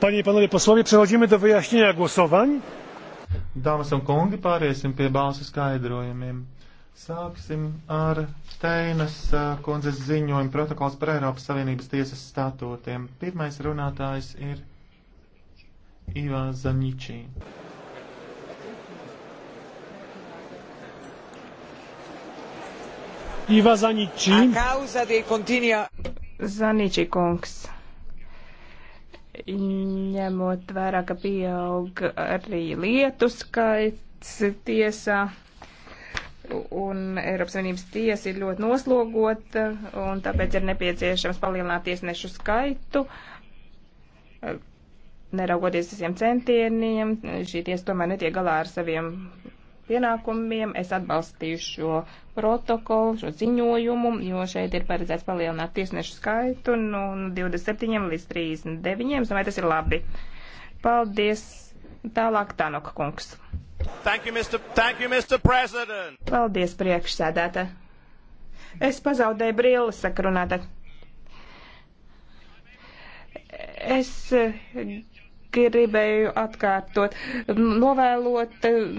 Panie i panowie posłowie, przechodzimy do wyjaśnienia głosowań. Dāmas un kungi, pāriesim pie balsu skaidrojumiem. Sāksim ar Steinas kundzes ziņojumu protokols par Eiropas Savienības tiesas statūtiem. Pirmais runātājs ir Ivā Zaničī. Ivā Zaničī. Zaničī kungs ņemot vērā, ka pieaug arī lietu skaits tiesā. Un Eiropas Savienības tiesa ir ļoti noslogota, un tāpēc ir nepieciešams palielināt tiesnešu skaitu. Neraugoties visiem centieniem, šī tiesa tomēr netiek galā ar saviem pienākumiem. Es atbalstīju šo protokolu, šo ziņojumu, jo šeit ir paredzēts palielināt tiesnešu skaitu no 27 līdz 39. Es domāju, tas ir labi. Paldies. Tālāk Tanoka kungs. Thank you, Mr. Thank you, Mr. President. Paldies, priekšsēdētā. Es pazaudēju brilles, saka runātā. Es gribēju atkārtot. Novēlot,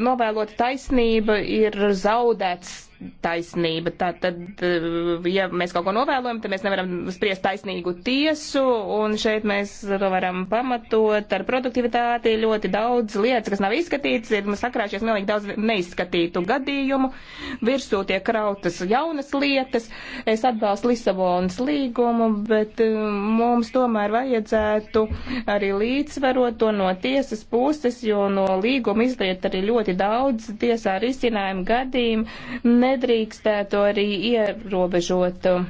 novēlot taisnība ir zaudēts taisnība. Tātad, eh, ja mēs kaut ko novēlojam, tad mēs nevaram spriest taisnīgu tiesu, un šeit mēs to varam pamatot ar produktivitāti. Ļoti daudz lietas, kas nav izskatīts, ir sakrāšies milīgi daudz neizskatītu gadījumu. Virsū tiek krautas jaunas lietas. Es atbalstu Lisabonas līgumu, bet eh, mums tomēr vajadzētu arī līdzsvarot to no tiesas puses, jo no līguma izliet arī ļoti daudz tiesā risinājumu gadījumu. Ne nedrīkstētu arī ierobežot uh,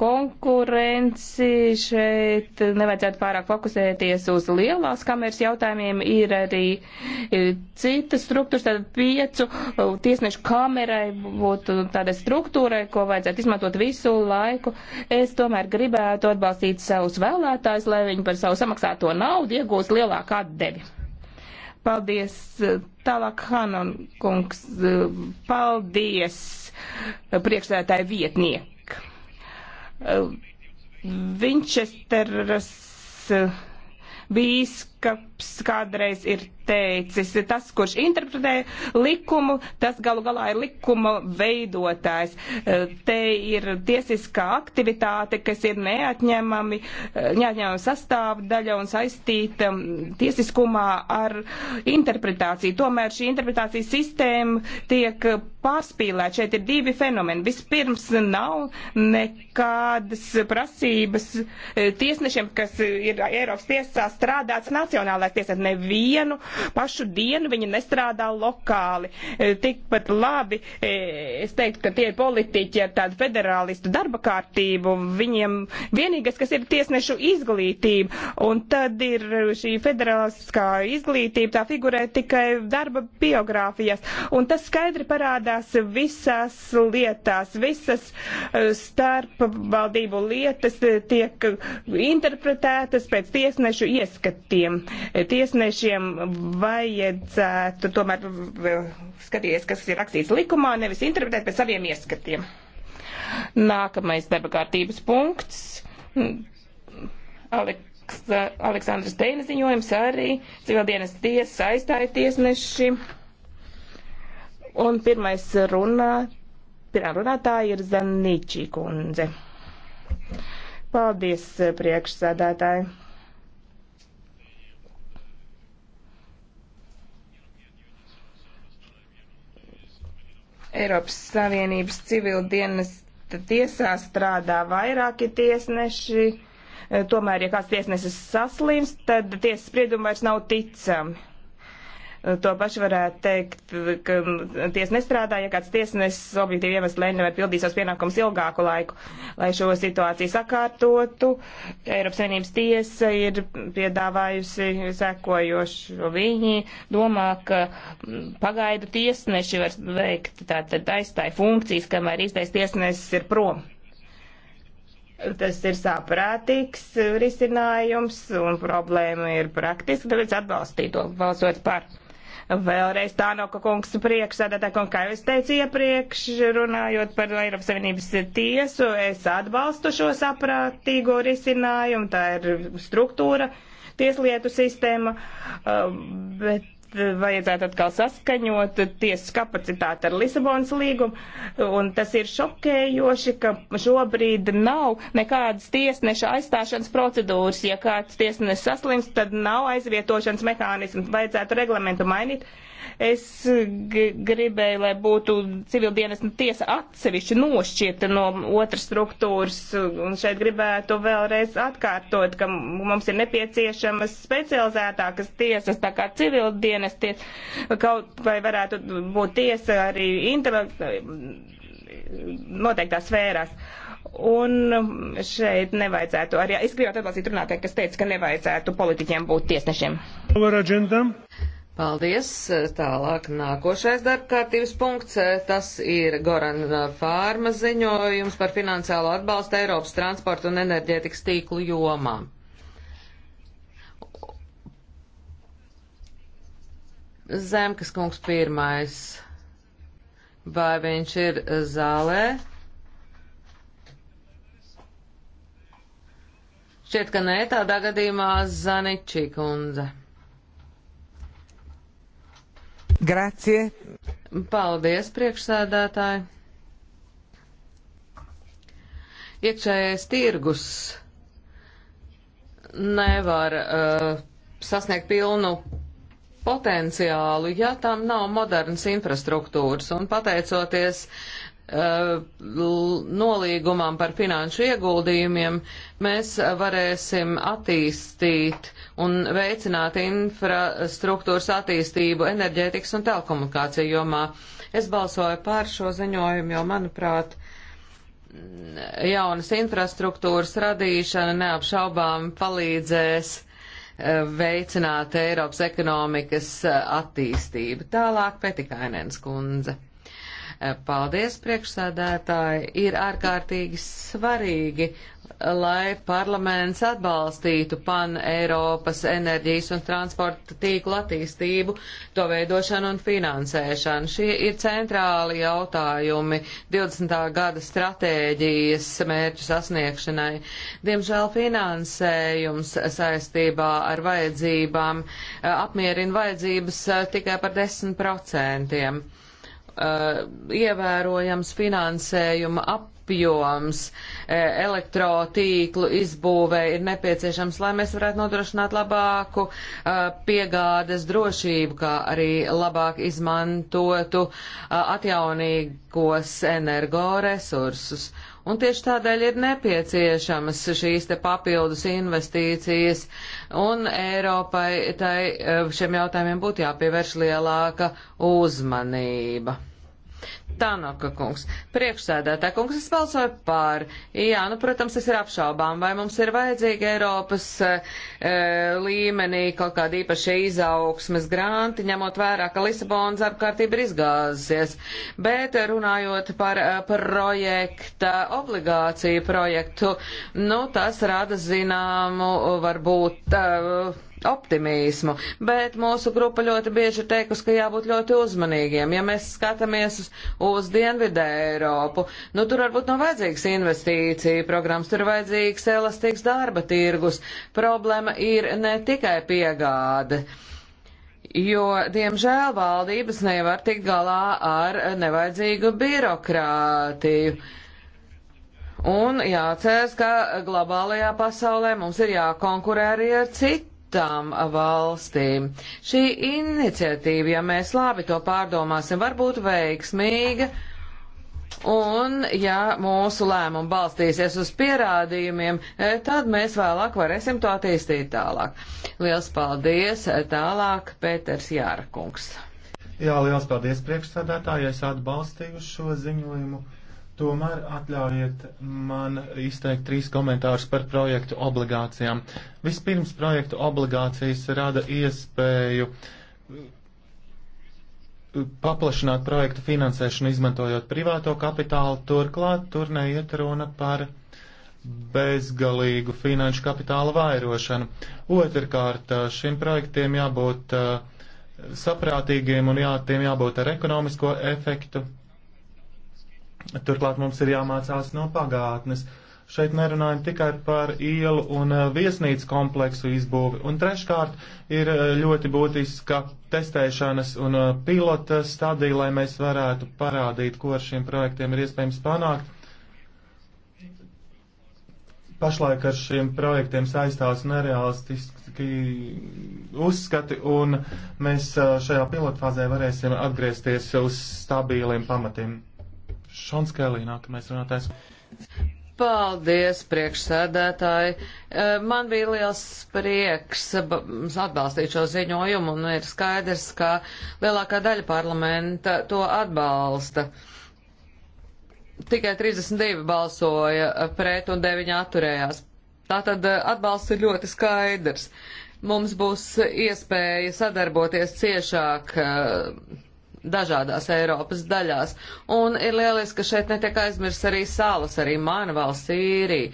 konkurenci. Šeit nevajadzētu pārāk fokusēties uz lielās kameras jautājumiem. Ir arī e, citas struktūras, tad piecu e, tiesnešu kamerai būtu tāda struktūra, ko vajadzētu izmantot visu laiku. Es tomēr gribētu atbalstīt savus vēlētājus, lai viņi par savu samaksāto naudu iegūst lielāku atdevi. Paldies. Tālāk, Hanon kungs, paldies priekšsētāju vietnieku. Vinčesteras eh, bīskaps Šekspīrs kādreiz ir teicis, tas, kurš interpretē likumu, tas galu galā ir likuma veidotājs. Te ir tiesiskā aktivitāte, kas ir neatņemami, neatņemami sastāvdaļa un saistīta tiesiskumā ar interpretāciju. Tomēr šī interpretācijas sistēma tiek pārspīlēta. Šeit ir divi fenomeni. Vispirms nav nekādas prasības tiesnešiem, kas ir Eiropas tiesā strādāts nacionālā cilvēks tiesāt nevienu pašu dienu, viņi nestrādā lokāli. E, tikpat labi, e, es teiktu, ka tie ir politiķi ar tādu federālistu darba kārtību, viņiem vienīgais, kas ir tiesnešu izglītība, un tad ir šī federāliskā izglītība, tā figurē tikai darba biogrāfijas, un tas skaidri parādās visās lietās, visas e, starpvaldību lietas tiek interpretētas pēc tiesnešu ieskatiem tiesnešiem vajadzētu tomēr eh, skatīties, kas ir rakstīts likumā, nevis interpretēt pēc saviem ieskatiem. Nākamais darba kārtības punkts. Aleks, Aleksandrs Teina ziņojums arī civildienas tiesa aizstāja tiesneši. Un pirmais runā, pirmā runātāja ir Zanīčī kundze. Paldies, priekšsēdētāji! Eiropas Savienības civil dienas tiesā strādā vairāki tiesneši. Eh, tomēr, ja kāds tiesnesis saslims, tad tiesas spriedumi vairs nav ticami. To pašu varētu teikt, ka tiesa nestrādā, ja kāds tiesnesis objektīvi iemesli nevar pildīt savus pienākumus ilgāku laiku. Lai šo situāciju sakārtotu, Eiropas Savienības tiesa ir piedāvājusi sekojošu. Viņi domā, ka pagaidu tiesneši var veikt tātad aizstāja funkcijas, kamēr īstais tiesnesis ir prom tas ir saprātīgs risinājums un problēma ir praktiski, tāpēc atbalstīt to balsot par. Vēlreiz tā nav, ka kungs priekšsēdētā, un kā jau es teicu iepriekš, runājot par Eiropas Savienības tiesu, es atbalstu šo saprātīgo risinājumu, tā ir struktūra, tieslietu sistēma, um, bet vajadzētu atkal saskaņot tiesas kapacitāti ar Lisabonas līgumu, un tas ir šokējoši, ka šobrīd nav nekādas tiesneša aizstāšanas procedūras. Ja kāds tiesnesis saslims, tad nav aizvietošanas mehānismu, vajadzētu reglamentu mainīt Es gribēju, lai būtu civildienas tiesa atsevišķi nošķirta no otras struktūras, un šeit gribētu vēlreiz atkārtot, ka mums ir nepieciešamas specializētākas tiesas, tā kā civildienas tiesa, kaut vai varētu būt tiesa arī noteiktās sfērās. Un šeit nevajadzētu arī, es gribētu atbalstīt runātāju, kas teica, ka nevajadzētu politiķiem būt tiesnešiem. Paldies! Tālāk nākošais darbkārtības punkts. Tas ir Gorana Fārma ziņojums par finansiālo atbalstu Eiropas transporta un enerģētikas tīklu jomā. Zemkas kungs pirmais. Vai viņš ir zālē? Šķiet, ka nē, tādā gadījumā Zaničī kundze. Grazie. Paldies, priekšsēdētāji. Iekšējais tirgus nevar uh, sasniegt pilnu potenciālu, ja tam nav modernas infrastruktūras. Un pateicoties uh, Uh, nolīgumam par finanšu ieguldījumiem mēs varēsim attīstīt un veicināt infrastruktūras attīstību enerģētikas un telekomunikāciju jomā. Es balsoju par šo ziņojumu, jo, manuprāt, jaunas infrastruktūras radīšana neapšaubām palīdzēs uh, veicināt Eiropas ekonomikas uh, attīstību. Tālāk Petikainens kundze. Paldies, priekšsēdētāji. Ir ārkārtīgi svarīgi, lai parlaments atbalstītu pan-Eiropas enerģijas un transporta tīklu attīstību, to veidošanu un finansēšanu. Šie ir centrāli jautājumi 20. gada stratēģijas mērķu sasniegšanai. Diemžēl finansējums saistībā ar vajadzībām eh, apmierina vajadzības eh, tikai par 10%. Uh, ievērojams finansējuma apmērs apjoms e, elektrotīklu izbūvē ir nepieciešams, lai mēs varētu nodrošināt labāku e, piegādes drošību, kā arī labāk izmantotu e, atjaunīgos energoresursus. Un tieši tādēļ ir nepieciešamas šīs te papildus investīcijas, un Eiropai tai, šiem jautājumiem būtu jāpievērš lielāka uzmanība. Tanaka kungs, priekšsēdētā kungs, es balsoju pār. Jā, nu, protams, tas ir apšaubām, vai mums ir vajadzīga Eiropas e, līmenī kaut kāda īpaša izaugsmes granti, ņemot vērā, ka Lisabonas apkārtība ir izgāzusies. Bet runājot par eh, projekta, obligāciju projektu, nu, tas rada zināmu, varbūt. E, optimismu, bet mūsu grupa ļoti bieži ir teikusi, ka jābūt ļoti uzmanīgiem. Ja mēs skatāmies uz, uz Dienvidē Eiropu, nu tur varbūt nav vajadzīgs investīcija programmas, tur ir vajadzīgs elastīgs darba tirgus. Problēma ir ne tikai piegāde. Jo, diemžēl, valdības nevar tikt galā ar nevajadzīgu birokrātiju. Un jāatcerās, ka globālajā pasaulē mums ir jākonkurē arī ar citu citām valstīm. Šī iniciatīva, ja mēs labi to pārdomāsim, var būt veiksmīga. Un, ja mūsu lēmumi balstīsies uz pierādījumiem, e, tad mēs vēlāk varēsim to attīstīt tālāk. Liels paldies! E, tālāk Pēters Jārakungs. Jā, liels paldies priekšsēdētāji, es atbalstīju šo ziņojumu Tomēr atļaujiet man izteikt trīs komentārus par projektu obligācijām. Vispirms projektu obligācijas rada iespēju uh, paplašināt projektu finansēšanu, izmantojot privāto kapitālu. Turklāt tur neiet runa par bezgalīgu finanšu kapitāla vairošanu. Otrkārt, uh, šiem projektiem jābūt uh, saprātīgiem un jā, tiem jābūt ar ekonomisko efektu Turklāt mums ir jāmācās no pagātnes. Šeit nerunājam tikai par ielu un eh, viesnīcu kompleksu izbūvi. Un treškārt ir eh, ļoti būtiska testēšanas un eh, pilota stadija, lai mēs varētu parādīt, ko ar šiem projektiem ir iespējams panākt. Pašlaik ar šiem projektiem saistās nerealistiski uzskati, un mēs šajā pilotfāzē varēsim atgriezties uz stabīliem pamatiem. Šons Kēlī, nākamais runātājs. Paldies, priekšsēdētāji. Eh, man bija liels prieks eh, atbalstīt šo ziņojumu, un ir skaidrs, ka lielākā daļa parlamenta to atbalsta. Tikai 32 balsoja pret un 9 atturējās. Tātad eh, atbalsts ir ļoti skaidrs. Mums būs iespēja sadarboties ciešāk dažādās Eiropas daļās. Un ir lieliski, ka šeit netiek aizmirst arī salas, arī mana valsts īrija.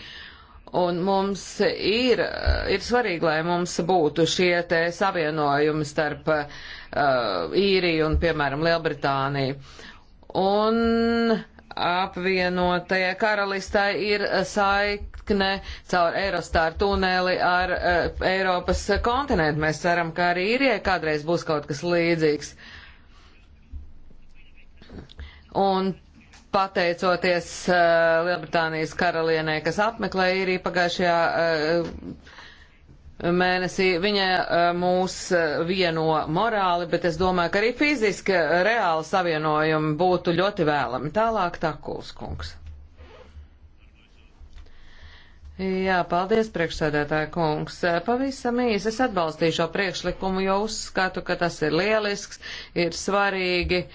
Un mums ir, ir svarīgi, lai mums būtu šie te savienojumi starp uh, īriju un, piemēram, Lielbritāniju. Un apvienotajai karalistai ir saikne caur Eurostar tuneli ar uh, Eiropas kontinentu. Mēs ceram, ka arī īrijai kādreiz būs kaut kas līdzīgs. Uh, Un pateicoties uh, Lielbritānijas karalienē, kas apmeklēja īriju pagājušajā uh, mēnesī, viņa uh, mūs vieno morāli, bet es domāju, ka arī fiziski reāli savienojumi būtu ļoti vēlami. Tālāk Takuls kungs. Jā, paldies, priekšsēdētāja kungs. Pavisam īsi es atbalstīšu šo priekšlikumu, jo uzskatu, ka tas ir lielisks, ir svarīgi. Uh,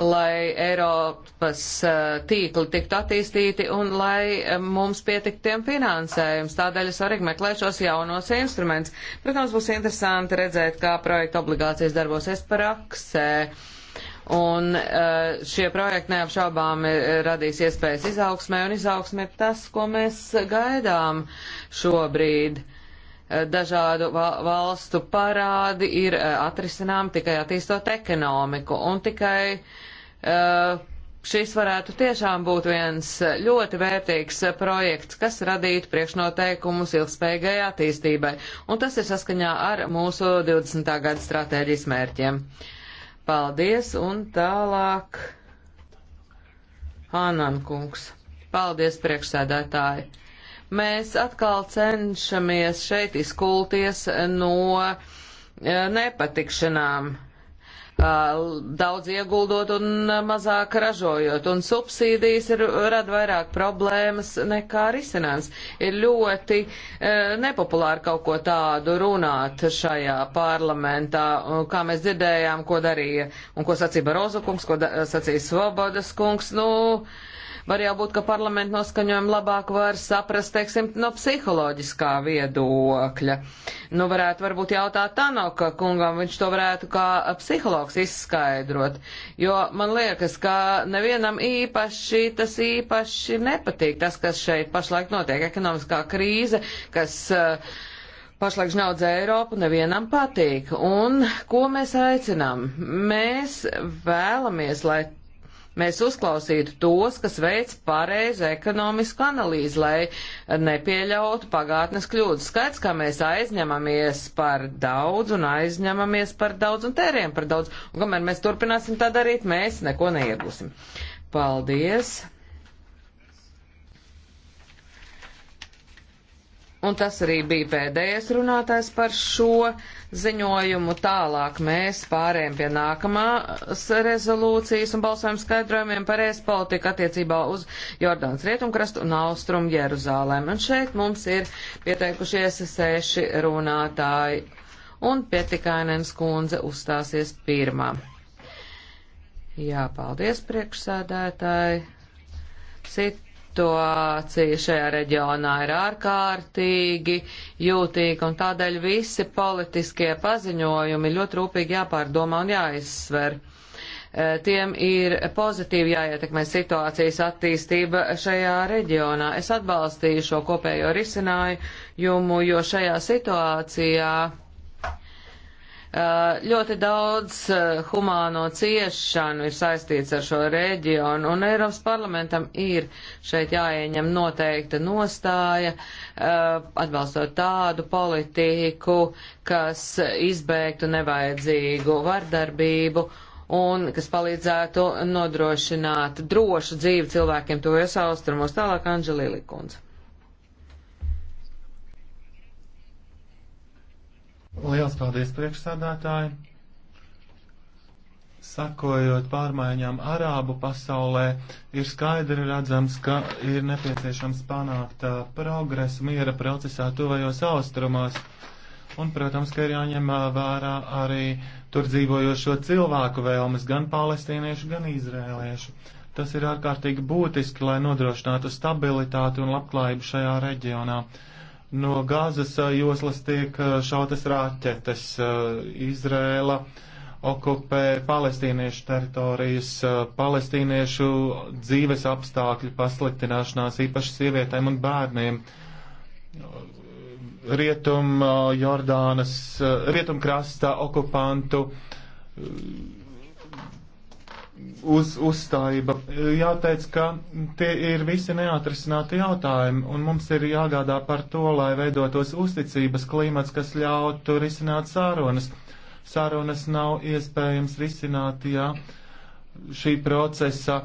lai Eiropas eh, tīkli tiktu attīstīti un lai eh, mums pietiktiem finansējums. Tādēļ es arī meklēšu šos jaunos instrumentus. Protams, būs interesanti redzēt, kā projekta obligācijas darbosies praksē. Un eh, šie projekti neapšaubām radīs iespējas izaugsmē, un izaugsmē ir tas, ko mēs gaidām šobrīd. Uh, dažādu valstu parādi ir eh, atrisinām tikai attīstot ekonomiku, un tikai eh, šis varētu tiešām būt viens ļoti vērtīgs projekts, kas radītu priekšnoteikumus ilgspējīgai attīstībai, un tas ir saskaņā ar mūsu 20. gada stratēģijas mērķiem. Paldies, un tālāk Hānan kungs. Paldies, priekšsēdētāji! Mēs atkal cenšamies šeit izkulties no e, nepatikšanām e, daudz ieguldot un mazāk ražojot. Un subsīdijas ir, rada vairāk problēmas nekā risinājums. Ir ļoti e, nepopulāri kaut ko tādu runāt šajā parlamentā, kā mēs dzirdējām, ko darīja un ko sacīja Barozu kungs, ko da, sacīja Svobodas kungs. Nu, Var jau būt, ka parlamentu noskaņojumu labāk var saprast, teiksim, no psiholoģiskā viedokļa. Nu, varētu varbūt jautāt Tanoka kungam, viņš to varētu kā psihologs izskaidrot, jo man liekas, ka nevienam īpaši tas īpaši nepatīk, tas, kas šeit pašlaik notiek, ekonomiskā krīze, kas uh, pašlaik žņaudz Eiropu, nevienam patīk. Un ko mēs aicinām? Mēs vēlamies, lai mēs uzklausītu tos, kas veic pareizu ekonomisku analīzi, lai nepieļautu pagātnes kļūdas. Skaidrs, ka mēs aizņemamies par daudz un aizņemamies par daudz un tēriem par daudz, un kamēr mēs turpināsim tā darīt, mēs neko neiegūsim. Paldies! Un tas arī bija pēdējais runātājs par šo ziņojumu. Tālāk mēs pārējām pie nākamās rezolūcijas un balsojam skaidrojumiem par ēst politiku attiecībā uz Jordānas rietumkrastu un austrumu Jeruzālēm. Un šeit mums ir pieteikušies seši runātāji. Un pietikainens kundze uzstāsies pirmā. Jā, paldies priekšsēdētāji. Sit situācija šajā reģionā ir ārkārtīgi jūtīga, un tādēļ visi politiskie paziņojumi ļoti rūpīgi jāpārdomā un jāizsver. E, tiem ir pozitīvi jāietekmē situācijas attīstība šajā reģionā. Es atbalstīju šo kopējo risinājumu, jo šajā situācijā Eh, ļoti daudz eh, humāno ciešanu ir saistīts ar šo reģionu, un Eiropas parlamentam ir šeit jāieņem noteikta nostāja, eh, atbalstot tādu politiku, kas izbēgtu nevajadzīgu vardarbību un kas palīdzētu nodrošināt drošu dzīvi cilvēkiem tojos austrumos. Tālāk Anģelīli Kundze. Liels paldies priekšsādātāji! Sakojot pārmaiņām arābu pasaulē, ir skaidri redzams, ka ir nepieciešams panākt uh, progresu miera procesā tuvajos austrumos. Un, protams, ka ir jāņem uh, vērā arī tur dzīvojošo cilvēku vēlmes, gan palestīniešu, gan izrēliešu. Tas ir ārkārtīgi būtiski, lai nodrošinātu stabilitāti un labklājību šajā reģionā. No Gāzes uh, joslas tiek uh, šautas raķetes. Uh, Izrēla okupē palestīniešu teritorijas, palestīniešu dzīves apstākļu pasliktināšanās, īpaši sievietēm un bērniem. Rietum Jordānas, rietum krasta okupantu uz uzstājība. Jāteic, ka tie ir visi neatrisināti jautājumi, un mums ir jāgādā par to, lai veidotos uzticības klimats, kas ļautu risināt sārunas. Sārunas nav iespējams risināt, ja šī procesa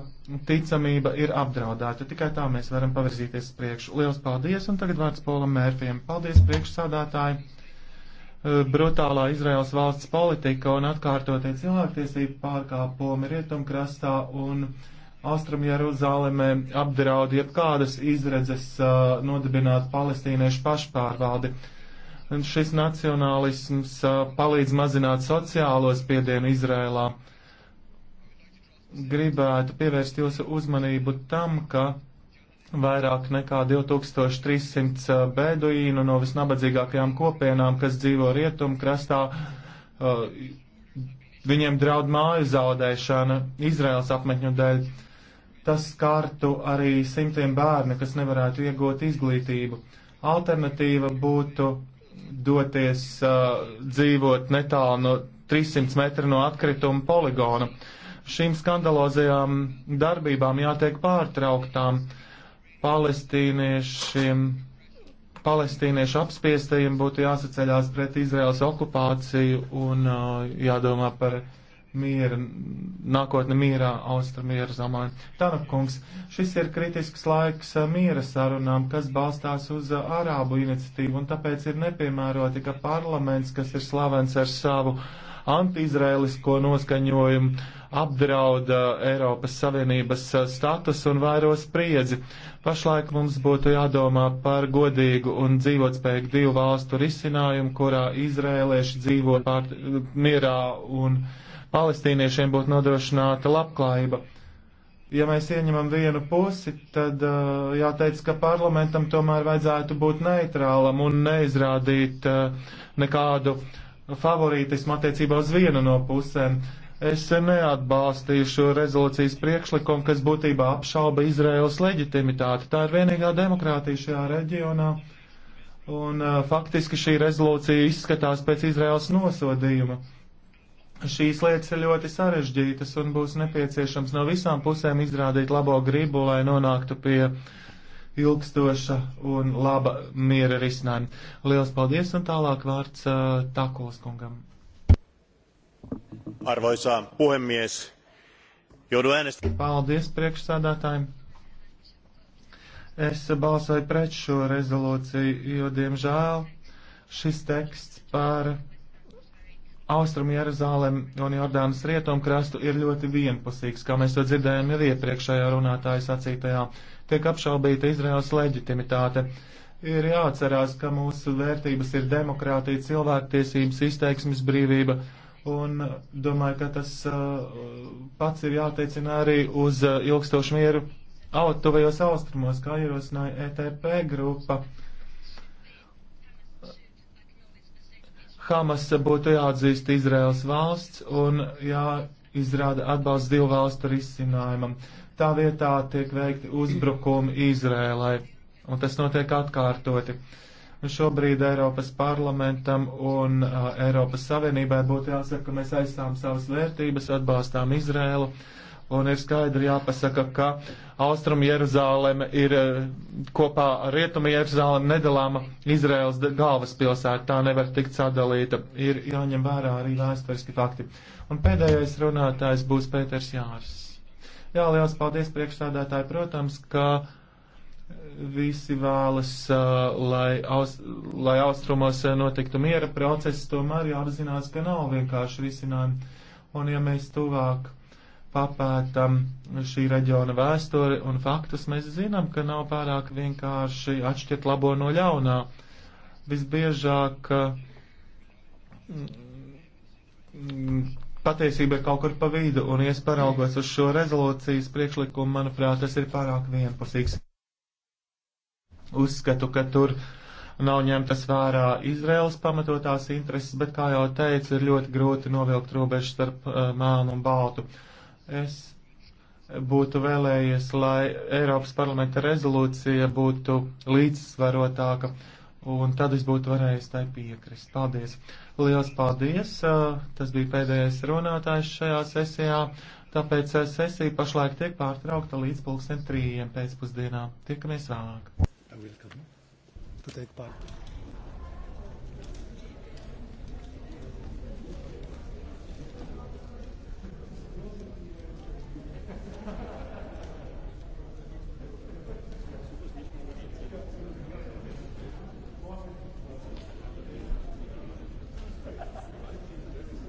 ticamība ir apdraudēta. Tikai tā mēs varam pavirzīties priekšu. Liels paldies, un tagad vārds Polam Mērfiem. Paldies, priekšsādātāji! Eh, brutālā Izraels valsts politika un atkārtotie cilvēktiesību pārkāpumi rietumkrastā un Austrumjeruzālēmē apdraud jebkādas izredzes uh, nodibināt palestīniešu pašpārvaldi. Un šis nacionālisms uh, palīdz mazināt sociālo spiedienu Izrēlā. Gribētu pievērst jūsu uzmanību tam, ka vairāk nekā 2300 uh, beduīnu no visnabadzīgākajām kopienām, kas dzīvo rietumkrastā. Uh, viņiem draud māju zaudēšana Izraels apmetņu dēļ. Tas skartu arī simtiem bērnu, kas nevarētu iegūt izglītību. Alternatīva būtu doties uh, dzīvot netālu no 300 metru no atkrituma poligona. Šīm skandalozajām darbībām jātiek pārtrauktām. Uh, palestīniešiem, palestīniešu apspiestajiem būtu jāsaceļās pret Izraels okupāciju un uh, jādomā par miera, nākotne mierā, austramiera zamā. Tanapkungs, šis ir kritisks laiks uh, miera sarunām, kas balstās uz uh, Arābu iniciatīvu, un tāpēc ir nepiemēroti, ka parlaments, kas ir slavens ar savu uh, antiizraelisko noskaņojumu, apdrauda uh, Eiropas Savienības uh, status un vairo spriedzi. Pašlaik mums būtu jādomā par godīgu un dzīvotspēju divu valstu risinājumu, kurā izrēlieši dzīvo pār, mierā un palestīniešiem būtu nodrošināta labklājība. Ja mēs ieņemam vienu pusi, tad uh, jāteic, ka parlamentam tomēr vajadzētu būt neitrālam un neizrādīt uh, nekādu uh, favorītismu attiecībā uz vienu no pusēm. Es neatbalstīju šo rezolūcijas priekšlikumu, kas būtībā apšauba Izraels leģitimitāti. Tā ir vienīgā demokrātija šajā reģionā, un uh, faktiski šī rezolūcija izskatās pēc Izraels nosodījuma. Šīs lietas ir ļoti sarežģītas un būs nepieciešams no visām pusēm izrādīt labo gribu, lai nonāktu pie uh, ilgstoša un laba miera risinājuma. Lielas paldies un tālāk vārds uh, Takulas kungam. Arvoisā puhemies, joudu äänestämään. Paldies priekšsādātājiem. Es balsoju pret šo rezolūciju, jo, diemžēl, šis teksts par Austrum Jeruzālem un Jordānas rietumkrastu ir ļoti vienpusīgs, kā mēs to dzirdējām jau iepriekšējā runātāja sacītajā. Tiek apšaubīta Izraels leģitimitāte. Ir jāatcerās, ka mūsu vērtības ir demokrātija, cilvēktiesības, izteiksmes brīvība, un domāju, ka tas uh, pats ir jāteicina arī uz uh, ilgstošu mieru tuvajos austrumos, kā ierosināja ETP grupa. Uh, Hamas būtu jāatzīst Izraels valsts un jāizrāda atbalsts divu valstu risinājumam. Tā vietā tiek veikti uzbrukumi Izrēlai, un tas notiek atkārtoti. Un šobrīd Eiropas parlamentam un uh, Eiropas Savienībai būtu jāsaka, ka mēs aizstām savas vērtības, atbalstām Izrēlu. Uh, un ir skaidri jāpasaka, ka Austrum Jeruzāleme ir eh, kopā ar Rietumu Jeruzālemi nedalāma Izraels galvaspilsēta, tā nevar tikt sadalīta, ir jāņem vērā arī vēsturiski fakti. Un pēdējais runātājs būs Pēters Jārs. Jā, liels paldies priekšstādātāji, protams, ka visi vēlas, eh, lai, aus, lai austrumos eh, notiktu miera process, tomēr jāapzinās, ka nav vienkārši risinājumi. Un ja mēs tuvāk papētam šī reģiona vēsturi un faktus, mēs zinām, ka nav pārāk vienkārši atšķirt labo no ļaunā. Visbiežāk mm, patiesība ir kaut kur pa vidu, un, ja es paraugos uz šo rezolūcijas priekšlikumu, manuprāt, tas ir pārāk vienpusīgs. Uzskatu, ka tur nav ņemtas vērā Izraels pamatotās intereses, bet, kā jau teicu, ir ļoti grūti novilkt robežu starp uh, eh, melnu un baltu. Uh, Es būtu vēlējies, lai Eiropas parlamenta rezolūcija būtu līdzsvarotāka, un tad es būtu varējis tai piekrist. Paldies! Lielas paldies! Tas bija pēdējais runātājs šajā sesijā, tāpēc sesija pašlaik tiek pārtraukta līdz pulksten trījiem pēcpusdienā. Tiekamies vēlāk! To take part.